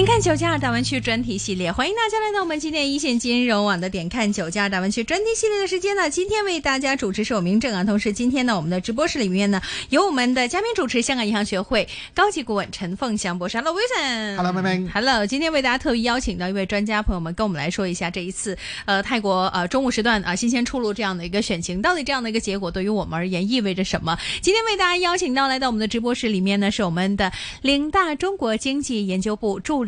點看九加二大灣區專題系列，歡迎大家來到我們今天一線金融網的點看九加二大灣區專題系列的時間呢。今天為大家主持是我名鄭啊，同時今天呢，我們的直播室裏面呢，由我們的嘉賓主持香港銀行學會高級顧問陳鳳翔博士。Hello，Wilson。Hello，Hello，今天為大家特意邀請到一位專家朋友們跟我們來說一下這一次呃泰國呃中午時段啊、呃、新鮮出爐這樣的一個選情，到底這樣的一個結果對於我們而言意味着什麼？今天為大家邀請到來到我們的直播室裏面呢，是我們的領大中國經濟研究部助理。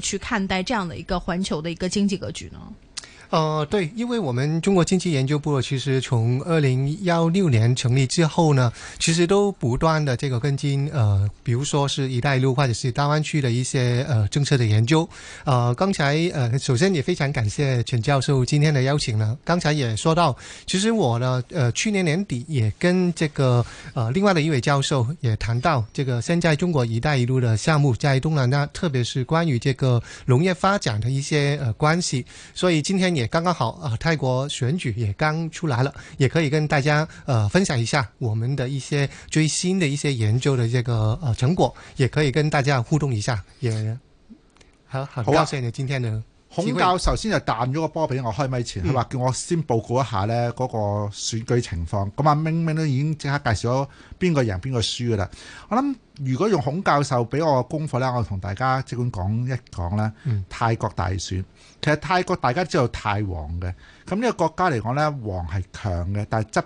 去看待這樣的一個環球的一個經濟格局呢？呃，對，因為我們中國經濟研究部其實從二零幺六年成立之後呢，其實都不斷的這個跟進，呃，比如說是一帶一路或者是大灣區的一些呃政策的研究。呃，剛才呃，首先也非常感謝陳教授今天的邀請呢。剛才也說到，其實我呢，呃，去年年底也跟這個呃另外的一位教授也談到這個現在中國一帶一路的項目在東南亞，特別是關於這個農業發展的一些呃關係。所以今天。也剛剛好啊、呃，泰國選舉也剛出來了，也可以跟大家呃分享一下我們的一些最新的一些研究的這個呃成果，也可以跟大家互動一下，也好好高興你今天能。孔教授先就彈咗個波俾我開咪前，佢話叫我先報告一下咧嗰個選舉情況，咁、嗯、阿明明都已經即刻介紹咗邊個贏邊個輸噶啦。我諗如果用孔教授俾我嘅功課咧，我同大家即管講一講咧、嗯，泰國大選其實泰國大家知道泰王嘅，咁呢個國家嚟講咧，王係強嘅，但係執。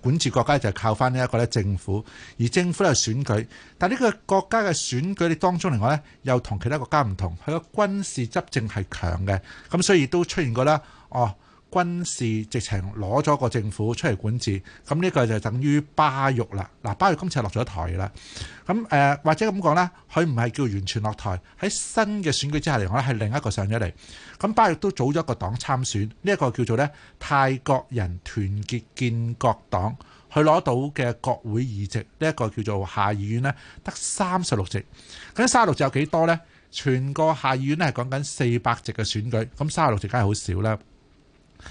管治國家就係靠翻呢一個咧，政府，而政府咧，選舉，但呢個國家嘅選舉你當中嚟講咧，又同其他國家唔同，佢個軍事執政係強嘅，咁所以都出現過啦，哦。軍事直情攞咗個政府出嚟管治，咁呢個就等於巴育啦。嗱，巴育今次係落咗台啦。咁、呃、或者咁講呢，佢唔係叫完全落台，喺新嘅選舉之下嚟講呢係另一個上咗嚟。咁巴育都組咗一個黨參選，呢、這、一個叫做呢泰國人團結建國黨，佢攞到嘅國會議席呢一、這個叫做下議院呢，得三十六席。咁三十六席有幾多呢？全個下議院係講緊四百席嘅選舉，咁三十六席梗係好少啦。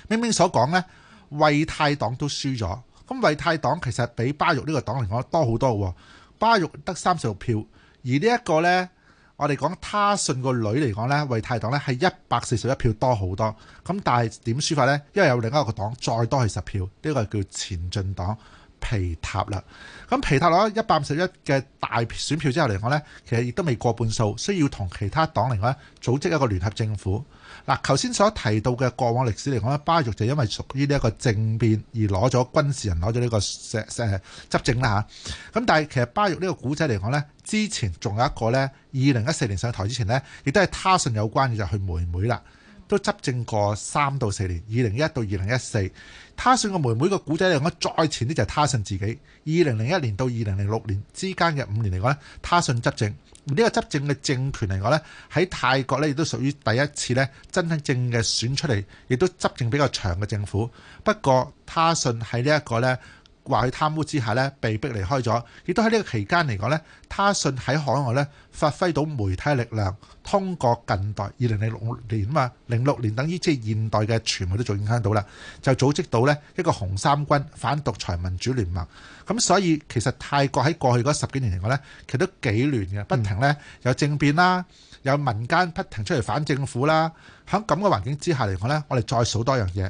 明明所講咧，為泰黨都輸咗。咁為泰黨其實比巴育呢個黨嚟講多好多喎、啊。巴育得三十六票，而這個呢一個咧，我哋講他信個女嚟講咧，為泰黨咧係一百四十一票多好多。咁但係點輸法咧？因為有另一個黨再多去十票，呢、這個叫前進黨皮塔啦。咁皮塔攞一百五十一嘅大選票之後嚟講咧，其實亦都未過半數，需要同其他黨嚟講組織一個聯合政府。嗱，頭先所提到嘅過往歷史嚟講咧，巴育就因為屬於呢一個政變而攞咗軍事人攞咗呢個執政啦吓。咁但係其實巴育呢個古仔嚟講咧，之前仲有一個咧，二零一四年上台之前咧，亦都係他信有關嘅就係、是、佢妹妹啦，都執政過三到四年，二零一一到二零一四。他信個妹妹個古仔嚟講，再前啲就係他信自己，二零零一年到二零零六年之間嘅五年嚟講咧，他信執政。呢、這個執政嘅政權嚟講咧，喺泰國咧亦都屬於第一次咧真真正嘅選出嚟，亦都執政比較長嘅政府。不過，他信喺呢一個咧。話佢貪污之下咧，被逼離開咗，亦都喺呢個期間嚟講咧，他信喺海外咧發揮到媒體力量，通過近代二零零六年啊嘛，零六年等於即係現代嘅傳媒都做影響到啦，就組織到咧一個紅衫軍反獨裁民主聯盟。咁所以其實泰國喺過去嗰十幾年嚟講咧，其實都幾亂嘅，不停咧有政變啦，有民間不停出嚟反政府啦。喺咁嘅環境之下嚟講咧，我哋再數多樣嘢。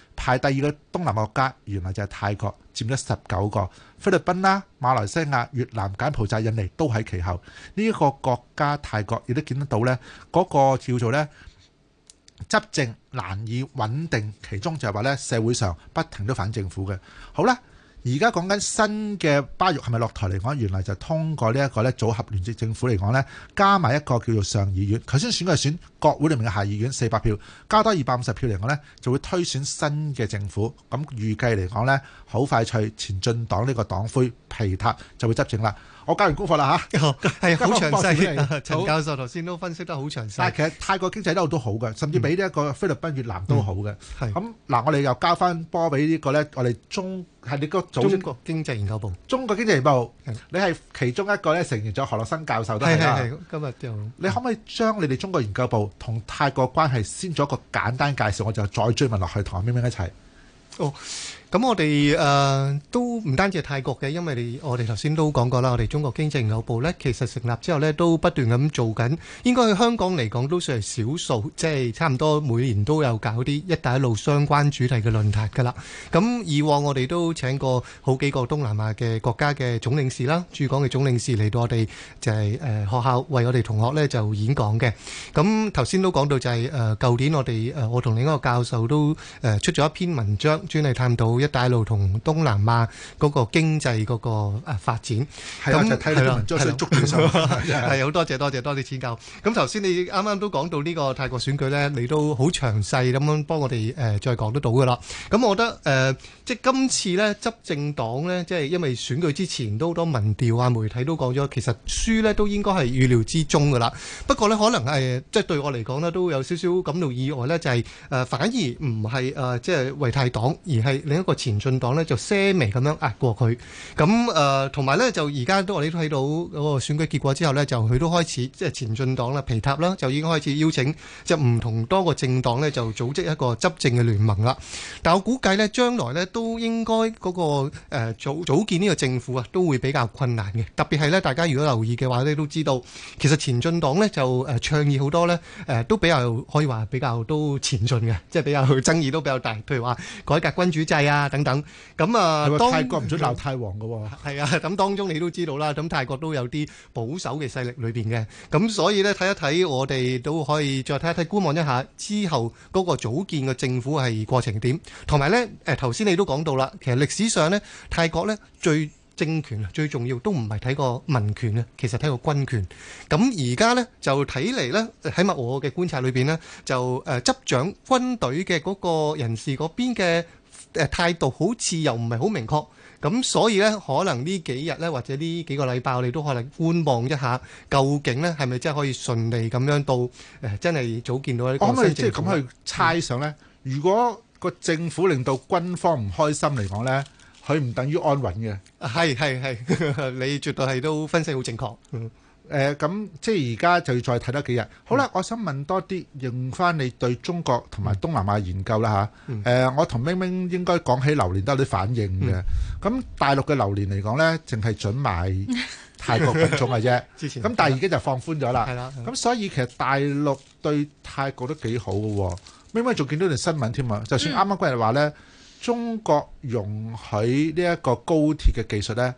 排第二個東南亞國家，原來就係泰國，佔咗十九個。菲律賓啦、馬來西亞、越南、柬埔寨、印尼都喺其後。呢一個國家泰國，亦都見得到呢嗰個叫做呢執政難以穩定，其中就係話呢社會上不停都反政府嘅。好啦。而家講緊新嘅巴育係咪落台嚟講？原來就通過呢一個咧組合聯接政府嚟講咧，加埋一個叫做上議院。頭先選舉選國會裏面嘅下議院四百票，加多二百五十票嚟講咧，就會推選新嘅政府。咁預計嚟講咧，好快脆，前進黨呢個黨魁皮塔就會執政啦。我交完功課啦嚇，係好詳細。陳教授頭先都分析得好詳細。但係其實泰國經濟都好都好嘅，甚至比呢一個菲律賓、越南都好嘅。係咁嗱，我哋又交翻波俾呢個咧，我哋中係你個中國經濟研究部。中國經濟研究部，你係其中一個咧，成員咗何濼生教授都係啦。係係係，今日就。你可唔可以將你哋中國研究部同泰國關係先做一個簡單介紹？我就再追問落去，同阿咪咪一齊。哦。咁我哋誒都唔單止係泰國嘅，因為我哋頭先都講過啦，我哋中國經濟研究部咧，其實成立之後咧，都不斷咁做緊。應該喺香港嚟講，都算係少數，即係差唔多每年都有搞啲一帶一路相關主題嘅論壇㗎啦。咁以往我哋都請過好幾個東南亞嘅國家嘅總領事啦，駐港嘅總領事嚟到我哋就係誒學校為我哋同學咧就演講嘅。咁頭先都講到就係誒舊年我哋誒我同另一個教授都誒出咗一篇文章，專係探討。一大陸同東南亞嗰個經濟嗰個發展，咁係咯，將手捉住手，好、嗯嗯嗯、多謝多謝多謝賜教。咁頭先你啱啱都講到呢個泰國選舉咧，你都好詳細咁樣幫我哋、呃、再講得到噶啦。咁我覺得誒、呃，即係今次咧執政黨呢，即係因為選舉之前都好多民調啊，媒體都講咗，其實輸呢都應該係預料之中噶啦。不過呢，可能誒，即對我嚟講呢，都有少少感到意外呢，就係、是呃、反而唔係、呃、即係為泰黨，而係另一個前進黨、嗯、呢，就些微咁樣壓過佢，咁誒，同埋呢，就而家都我哋都睇到嗰個選舉結果之後呢，就佢都開始即係、就是、前進黨啦、皮塔啦，就已經開始邀請就唔、是、同多個政黨呢，就組織一個執政嘅聯盟啦。但我估計呢，將來呢，都應該嗰、那個誒、呃、組組建呢個政府啊，都會比較困難嘅。特別係呢，大家如果留意嘅話呢，你都知道其實前進黨呢，就、呃、誒倡議好多呢，誒、呃、都比較可以話比較都前進嘅，即、就、係、是、比較爭議都比較大。譬如話改革君主制啊。啊，等等啊！等等咁啊，泰國唔准鬧泰皇㗎喎，係啊。咁、嗯啊、當中你都知道啦。咁泰國都有啲保守嘅勢力裏面嘅，咁所以呢，睇一睇，我哋都可以再睇一睇，觀望一下之後嗰個組建嘅政府係過程點，同埋呢，呃、頭先你都講到啦，其實歷史上呢，泰國呢最政權最重要都唔係睇個民權啊，其實睇個軍權。咁而家呢，就睇嚟呢，起碼我嘅觀察裏面呢，就、呃、執掌軍隊嘅嗰個人士嗰邊嘅。誒態度好似又唔係好明確，咁所以咧，可能呢幾日咧，或者呢幾個禮拜，我哋都可能觀望一下，究竟咧係咪真係可以順利咁樣到誒真係早見到啲。講緊即係咁去猜想咧，如果個政府令到軍方唔開心嚟講咧，佢唔等於安穩嘅。係係係， 你絕對係都分析好正確。嗯。誒、呃，咁即係而家就要再睇多幾日。好啦，嗯，我想問多啲，用翻你對中國同埋東南亞研究啦吓。誒、啊嗯呃，我同明明應該講起榴蓮都有啲反應嘅。咁，嗯，大陸嘅榴蓮嚟講咧，淨係准賣泰國品種嘅啫。咁 但係而家就放寬咗啦。咁所以其實大陸對泰國都幾好嘅。明明仲見到條新聞添嘛，就算啱啱嗰日話咧，中國容許呢一個高鐵嘅技術咧，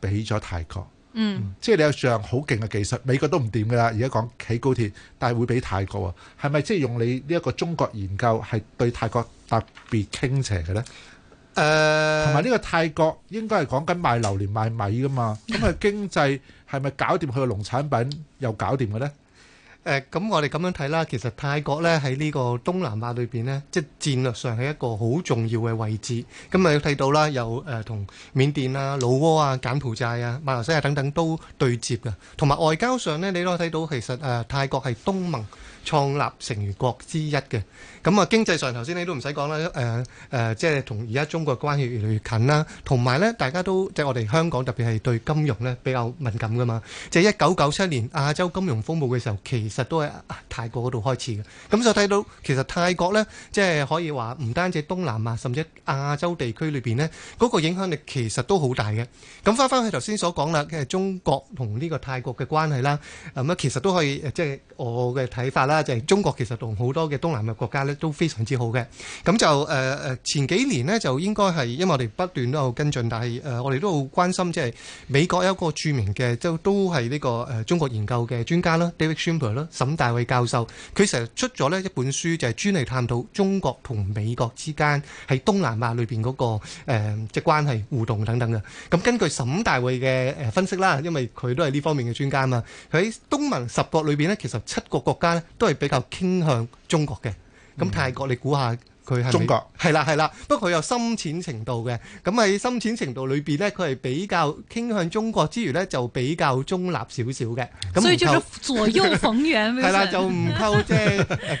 俾咗泰國。嗯，嗯，即係你有上好勁嘅技術，美國都唔掂㗎啦。而家講起高鐵，但係會畀泰國啊。係咪即係用你呢一個中國研究係對泰國特別傾斜嘅咧？誒、呃，同埋呢個泰國應該係講緊賣榴槤賣米㗎嘛，咁佢經濟係咪搞掂佢嘅農產品又搞掂嘅咧？誒、呃、咁我哋咁樣睇啦，其實泰國呢，喺呢個東南亞裏面呢，即戰略上係一個好重要嘅位置。咁你睇到啦，有誒同緬甸啊、老撾啊、柬埔寨啊、馬來西亞等等都對接㗎。同埋外交上呢，你都可以睇到其實誒、呃、泰國係東盟。創立成員國之一嘅，咁啊經濟上頭先你都唔使講啦，誒誒即係同而家中國關係越嚟越近啦，同埋咧大家都即係、就是、我哋香港特別係對金融咧比較敏感噶嘛，即係一九九七年亞洲金融風暴嘅時候，其實都係。泰國嗰度開始嘅，咁就睇到其實泰國呢，即係可以話唔單止東南亞，甚至亞洲地區裏邊呢，嗰個影響力其實都好大嘅。咁翻返去頭先所講啦，嘅中國同呢個泰國嘅關係啦，咁啊其實都可以，即係我嘅睇法啦，就係中國其實同好多嘅東南亞國家呢都非常之好嘅。咁就誒誒前幾年呢，就應該係因為我哋不斷都有跟進，但係誒我哋都好關心，即係美國有一個著名嘅，即都係呢個誒中國研究嘅專家啦，David Shambaugh 啦，沈大偉教授。佢成日出咗呢一本書，就係、是、專嚟探討中國同美國之間喺東南亞裏邊嗰個即係關係互動等等嘅。咁根據沈大衛嘅誒分析啦，因為佢都係呢方面嘅專家嘛，佢喺東盟十國裏邊呢，其實七個國家咧都係比較傾向中國嘅。咁、嗯、泰國，你估下？佢係中國，係啦係啦，不過佢有深淺程度嘅。咁喺深淺程度裏邊呢，佢係比較傾向中國之餘呢，就比較中立少少嘅。咁所以就係左右逢源。係 啦，就唔夠即係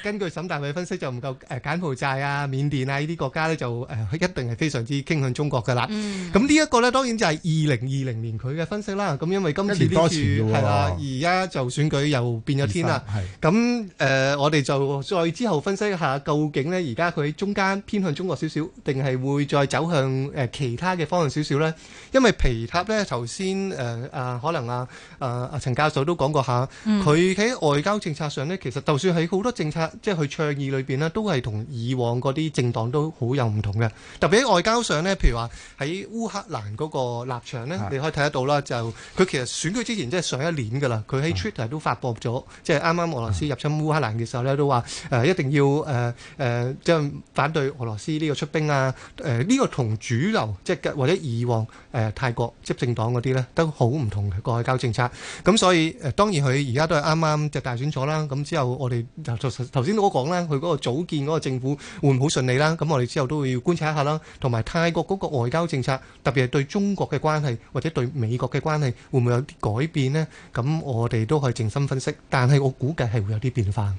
根據沈大偉分析，就唔夠誒、呃、柬埔寨啊、緬甸啊呢啲國家呢，就、呃、誒一定係非常之傾向中國㗎啦。咁呢一個呢，當然就係二零二零年佢嘅分析啦。咁因為今次呢事，係啦，而家就選舉又變咗天啦。咁誒、呃，我哋就再之後分析一下究竟呢而家佢。中間偏向中國少少，定係會再走向、呃、其他嘅方向少少呢？因為皮塔咧頭先誒可能啊啊陳教授都講過下，佢、嗯、喺外交政策上呢，其實就算喺好多政策即係佢倡議裏面呢，都係同以往嗰啲政黨都好有唔同嘅。特別喺外交上呢，譬如話喺烏克蘭嗰個立場呢，你可以睇得到啦。就佢其實選舉之前即係上一年噶啦，佢喺 Twitter 都發佈咗、嗯，即係啱啱俄羅斯入侵烏克蘭嘅時候呢，都話、呃、一定要誒、呃呃、即係。反對俄羅斯呢個出兵啊！誒呢個同主流即係或者以往誒泰國執政黨嗰啲呢都好唔同嘅外交政策。咁所以誒當然佢而家都係啱啱就大選咗啦。咁之後我哋頭頭頭先都講啦，佢嗰個組建嗰個政府會唔會好順利啦？咁我哋之後都會要觀察一下啦。同埋泰國嗰個外交政策，特別係對中國嘅關係或者對美國嘅關係，會唔會有啲改變呢？咁我哋都可以靜心分析。但係我估計係會有啲變化。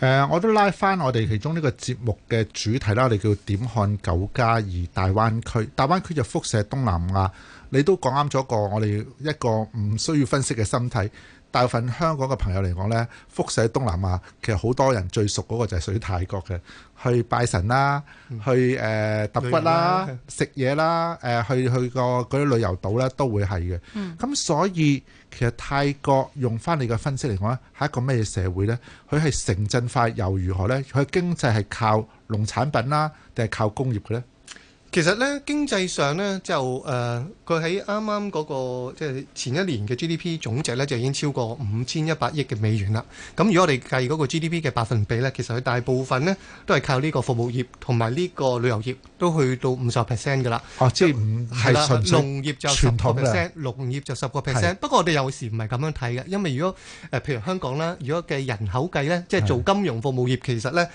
呃，我都拉翻我哋其中呢個節目嘅主題啦，你叫點看九加二大灣區？大灣區就輻射東南亞，你都講啱咗個我哋一個唔需要分析嘅心態。大部分香港嘅朋友嚟講呢，輻射東南亞，其實好多人最熟嗰個就係屬於泰國嘅，去拜神啦，去誒揼骨啦，食嘢啦，誒、呃、去去個嗰啲旅遊島啦，都會係嘅。咁、嗯、所以其實泰國用翻你嘅分析嚟講呢係一個咩社會呢？佢係城鎮化又如何呢？佢經濟係靠農產品啦，定係靠工業嘅咧？其實咧經濟上咧就誒，佢喺啱啱嗰個即係、就是、前一年嘅 GDP 總值咧就已經超過五千一百億嘅美元啦。咁如果我哋計嗰個 GDP 嘅百分比咧，其實佢大部分呢都係靠呢個服務業同埋呢個旅遊業都去到五十 percent 㗎啦。啊，即係唔係啦？農業就十個 percent，農業就十個 percent。不過我哋有時唔係咁樣睇嘅，因為如果誒、呃、譬如香港啦，如果嘅人口計咧，即係做金融服務業，其實咧。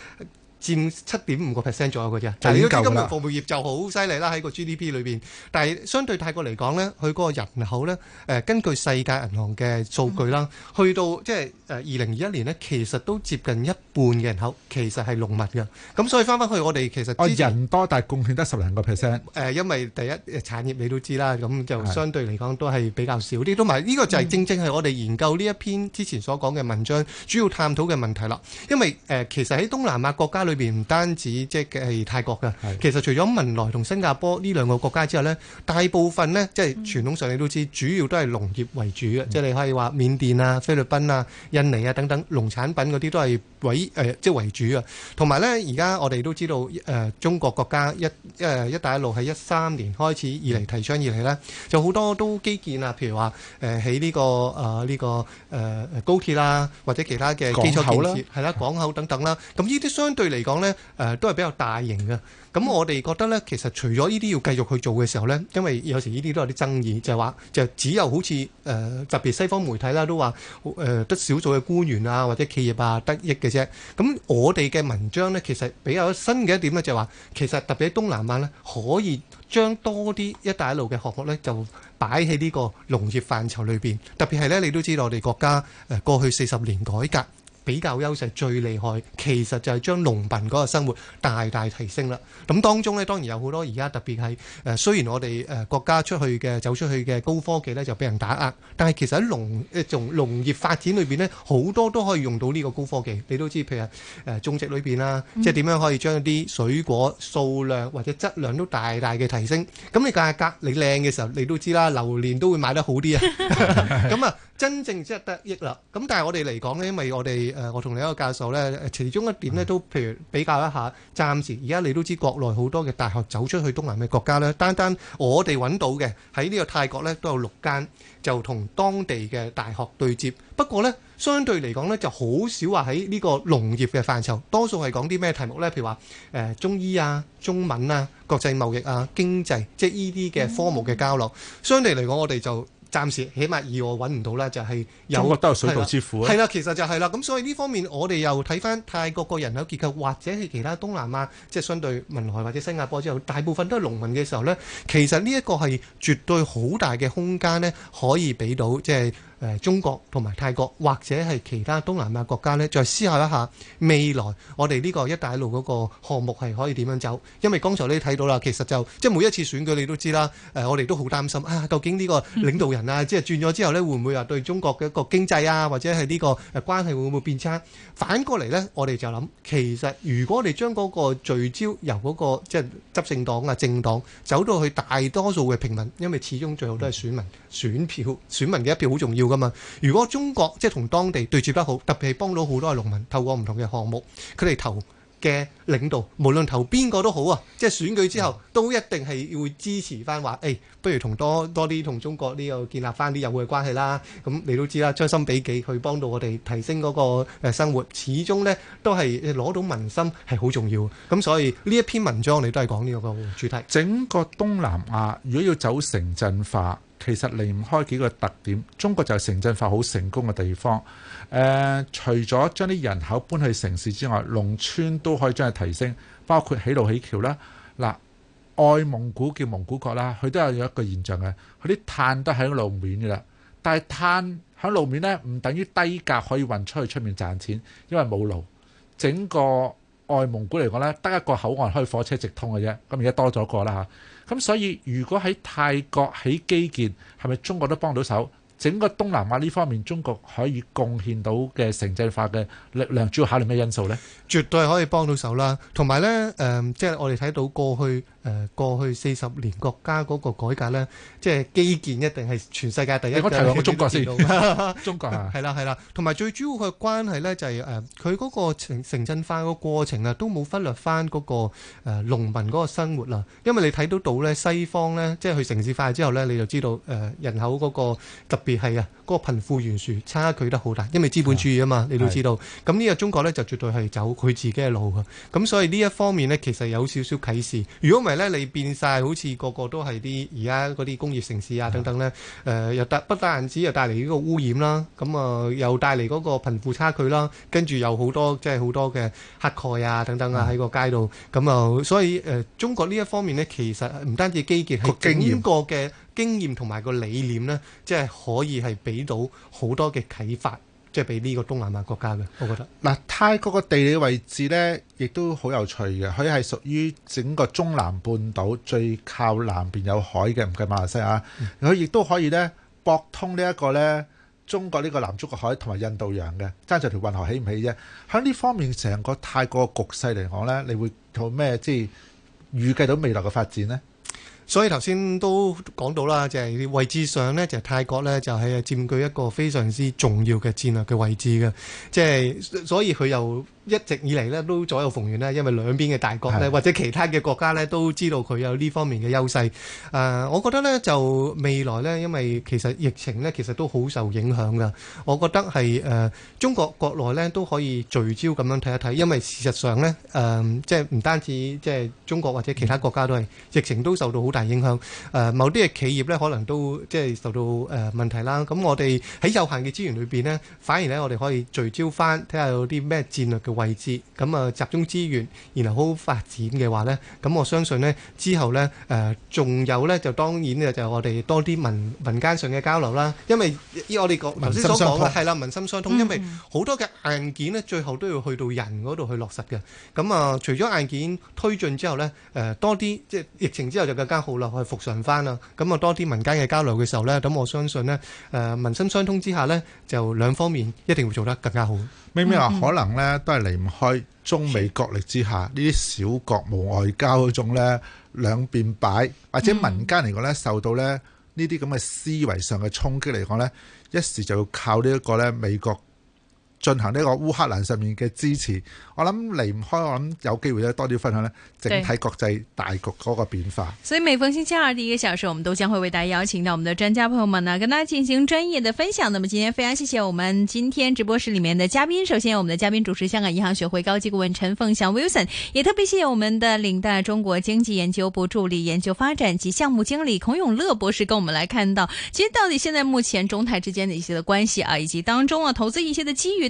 佔七點五個 percent 左右嘅啫，但係都知今日服務業就好犀利啦喺個 GDP 裏邊。但係相對泰國嚟講呢，佢嗰個人口呢，誒根據世界銀行嘅數據啦、嗯，去到即係誒二零二一年呢，其實都接近一半嘅人口其實係農民㗎。咁所以翻返去我哋其實人多，但係貢獻得十零個 percent。誒，因為第一產業你都知啦，咁就相對嚟講都係比較少啲。都唔係呢個就係正正係我哋研究呢一篇之前所講嘅文章主要探討嘅問題啦。因為誒其實喺東南亞國家裏邊唔單止即係泰國噶，其實除咗文萊同新加坡呢兩個國家之外咧，大部分咧，即係傳統上你都知道，主要都係農業為主嘅、嗯，即係你可以話緬甸啊、菲律賓啊、印尼啊等等，農產品嗰啲都係為誒、呃、即係為主啊。同埋咧，而家我哋都知道誒、呃，中國國家一誒、呃、一帶一路係一三年開始以嚟、嗯、提倡以嚟咧，就好多都基建啊，譬如話誒喺呢個誒呢、呃這個誒、呃、高鐵啦、啊，或者其他嘅基礎建設係啦港口等等啦，咁呢啲相對嚟。講呢誒都係比較大型嘅。咁我哋覺得呢，其實除咗呢啲要繼續去做嘅時候呢，因為有時呢啲都有啲爭議，就係話就只有好似誒、呃、特別西方媒體啦，都話誒得少數嘅官員啊或者企業啊得益嘅啫。咁我哋嘅文章呢，其實比較新嘅一點呢、就是，就係話其實特別喺東南亞呢，可以將多啲一,一帶一路嘅項目呢，就擺喺呢個農業範疇裏邊。特別係呢，你都知道我哋國家誒過去四十年改革。比較優勢最厲害，其實就係將農民嗰個生活大大提升啦。咁當中呢，當然有好多而家特別係誒，雖然我哋誒國家出去嘅走出去嘅高科技呢，就俾人打壓，但係其實喺農誒從農業發展裏面呢，好多都可以用到呢個高科技。你都知，譬如誒種植裏邊啦，面嗯、即係點樣可以將啲水果數量或者質量都大大嘅提升。咁你價格你靚嘅時候，你都知啦，榴槤都會買得好啲啊。咁啊，真正即係得益啦。咁但係我哋嚟講呢，因為我哋誒，我同另一個教授咧，其中一點咧，都譬如比較一下，暫時而家你都知國內好多嘅大學走出去東南嘅國家咧，單單我哋揾到嘅喺呢個泰國咧都有六間，就同當地嘅大學對接。不過咧，相對嚟講咧，就好少話喺呢個農業嘅範疇，多數係講啲咩題目咧？譬如話誒，中醫啊、中文啊、國際貿易啊、經濟，即係呢啲嘅科目嘅交流。相對嚟講，我哋就。暫時起碼以我揾唔到啦，就係、是、有都係水稻之父、啊。係啦，其實就係啦，咁所以呢方面我哋又睇翻泰國個人口結構，或者係其他東南亞，即、就、係、是、相對文萊或者新加坡之後，大部分都係農民嘅時候咧，其實呢一個係絕對好大嘅空間咧，可以俾到即係。就是誒，中國同埋泰國或者係其他東南亞國家呢，再思考一下未來我哋呢個一帶一路嗰個項目係可以點樣走？因為剛才你睇到啦，其實就即係每一次選舉你都知啦。誒，我哋都好擔心啊，究竟呢個領導人啊，即係轉咗之後呢，會唔會啊對中國嘅一個經濟啊，或者係呢個關係會唔會變差？反過嚟呢，我哋就諗，其實如果我哋將嗰個聚焦由嗰個即係執政黨啊、政黨走到去大多數嘅平民，因為始終最後都係選民、嗯、選票、選民嘅一票好重要的咁如果中國即係同當地對接得好，特別係幫到好多嘅農民，透過唔同嘅項目，佢哋投嘅領導，無論投邊個都好啊！即係選舉之後，嗯、都一定係會支持翻話，誒、欸，不如同多多啲同中國呢個建立翻啲友好嘅關係啦。咁你都知啦，將心比己去幫到我哋提升嗰個生活，始終呢都係攞到民心係好重要。咁所以呢一篇文章你都係講呢個主題。整個東南亞如果要走城鎮化。其實離唔開幾個特點，中國就係城鎮化好成功嘅地方。誒、呃，除咗將啲人口搬去城市之外，農村都可以將佢提升，包括起路起橋啦。嗱，外蒙古叫蒙古國啦，佢都有一個現象嘅，佢啲碳都喺路面嘅啦。但係碳喺路面呢，唔等於低價可以運出去出面賺錢，因為冇路，整個。外蒙古嚟講咧，得一個口岸開火車直通嘅啫，咁而家多咗一個啦嚇，咁所以如果喺泰國起基建，係咪中國都幫到手？整個東南亞呢方面，中國可以貢獻到嘅城鎮化嘅力量，主要考慮咩因素咧？絕對係可以幫到手啦。同埋咧，誒，即係我哋睇到過去誒過去四十年國家嗰個改革咧，即係基建一定係全世界第一嘅。我提下個中國先，中國啊，係啦係啦。同埋最主要佢嘅關係咧，就係誒，佢嗰個城城鎮化個過程啊，都冇忽略翻嗰個誒農民嗰個生活啦。因為你睇到到咧，西方咧，即係去城市化之後咧，你就知道誒人口嗰個特特別係啊，嗰個貧富懸殊差距得好大，因為資本主義啊嘛，你都知道。咁呢個中國呢，就絕對係走佢自己嘅路啊。咁所以呢一方面呢，其實有少少啟示。如果唔係呢，你變晒好似個個都係啲而家嗰啲工業城市啊等等呢，誒又帶不單止又帶嚟呢個污染啦，咁啊又帶嚟嗰個貧富差距啦，跟住有好多即係好多嘅乞丐啊等等啊喺個街度。咁啊、呃，所以誒、呃、中國呢一方面呢，其實唔單止基建係經,經過嘅。經驗同埋個理念呢，即係可以係俾到好多嘅啟發，即係俾呢個東南亞國家嘅，我覺得。嗱，泰國嘅地理位置呢，亦都好有趣嘅。佢係屬於整個中南半島最靠南邊有海嘅，唔計馬來西亞。佢亦都可以呢博通呢一個呢中國呢個南中國海同埋印度洋嘅，爭就條運河起唔起啫。喺呢方面，成個泰國嘅局勢嚟講呢，你會做咩？即係預計到未來嘅發展呢？所以頭先都講到啦，就係位置上呢，就泰國呢，就係佔據一個非常之重要嘅戰略嘅位置嘅，即係所以佢又。一直以嚟咧都左右逢源咧，因為兩邊嘅大國咧，或者其他嘅國家咧，都知道佢有呢方面嘅優勢。誒、呃、我覺得咧就未來咧，因為其實疫情咧，其實都好受影響噶。我覺得係誒、呃、中國國內咧都可以聚焦咁樣睇一睇，因為事實上咧誒、呃、即係唔單止即係中國或者其他國家都係疫情都受到好大影響，誒、呃、某啲嘅企業咧可能都即係受到誒、呃、問題啦。咁我哋喺有限嘅資源裏邊咧，反而咧我哋可以聚焦翻睇下有啲咩戰略嘅。位置咁，啊集中資源，然後好，好發展嘅話呢，咁我相信呢，之後呢，誒、呃、仲有呢，就、呃、當然呢，就我哋多啲民民間上嘅交流啦，因為依我哋講頭先所講嘅係啦，民心相通，因為好多嘅硬件呢，最後都要去到人嗰度去落實嘅。咁啊、呃，除咗硬件推進之後呢，誒多啲即係疫情之後就更加好啦，去復常翻啦。咁啊多啲民間嘅交流嘅時候呢，咁我相信呢，誒、呃、民心相通之下呢，就兩方面一定會做得更加好。微微話可能呢。都係。離唔開中美國力之下，呢啲小國無外交嗰種呢，兩邊擺，或者民間嚟講呢，受到呢呢啲咁嘅思維上嘅衝擊嚟講呢，一時就要靠呢一個呢美國。進行呢個烏克蘭上面嘅支持，我諗離唔開，我諗有機會咧多啲分享呢，整體國際大局嗰個變化。所以每逢星期二，第一個小時，我們都將會為大家邀請到我們的專家朋友們呢，跟大家進行專業的分享。那麼今天非常謝謝我們今天直播室裡面的嘉賓，首先我們的嘉賓主持香港銀行學會高級顧問陳鳳翔 Wilson，也特別謝謝我們的嶺大中國經濟研究部助理研究發展及項目經理孔永樂博士，跟我們來看到，其實到底現在目前中泰之間的一些的關係啊，以及當中啊投資一些的機遇。